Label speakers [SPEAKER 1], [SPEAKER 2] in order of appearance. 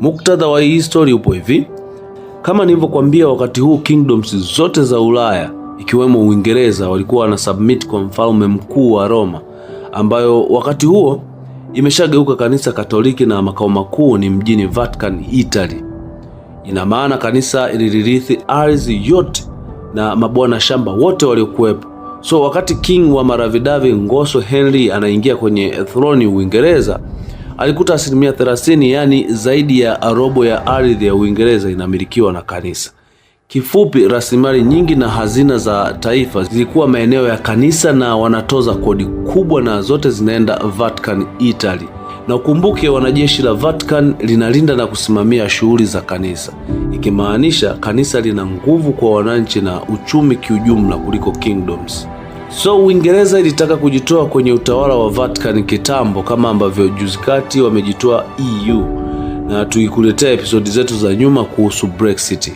[SPEAKER 1] Muktadha wa hii story upo hivi. Kama nilivyokuambia, wakati huu kingdoms zote za Ulaya ikiwemo Uingereza walikuwa wana submit kwa mfalme mkuu wa Roma, ambayo wakati huo imeshageuka kanisa Katoliki na makao makuu ni mjini Vatican, Italy. Ina maana kanisa iliririthi ardhi yote na mabwana shamba wote waliokuwepo. So wakati king wa Maravidavi Ngoso Henry anaingia kwenye throne Uingereza, alikuta asilimia 30, yaani zaidi ya robo ya ardhi ya Uingereza inamilikiwa na kanisa. Kifupi, rasilimali nyingi na hazina za taifa zilikuwa maeneo ya kanisa na wanatoza kodi kubwa, na zote zinaenda Vatican, Italy. Na ukumbuke, wanajeshi la Vatican linalinda na kusimamia shughuli za kanisa, ikimaanisha kanisa lina nguvu kwa wananchi na uchumi kiujumla kuliko kingdoms. So Uingereza ilitaka kujitoa kwenye utawala wa Vatican kitambo kama ambavyo juzi kati wamejitoa EU, na tuikuletea episodi zetu za nyuma kuhusu Brexit.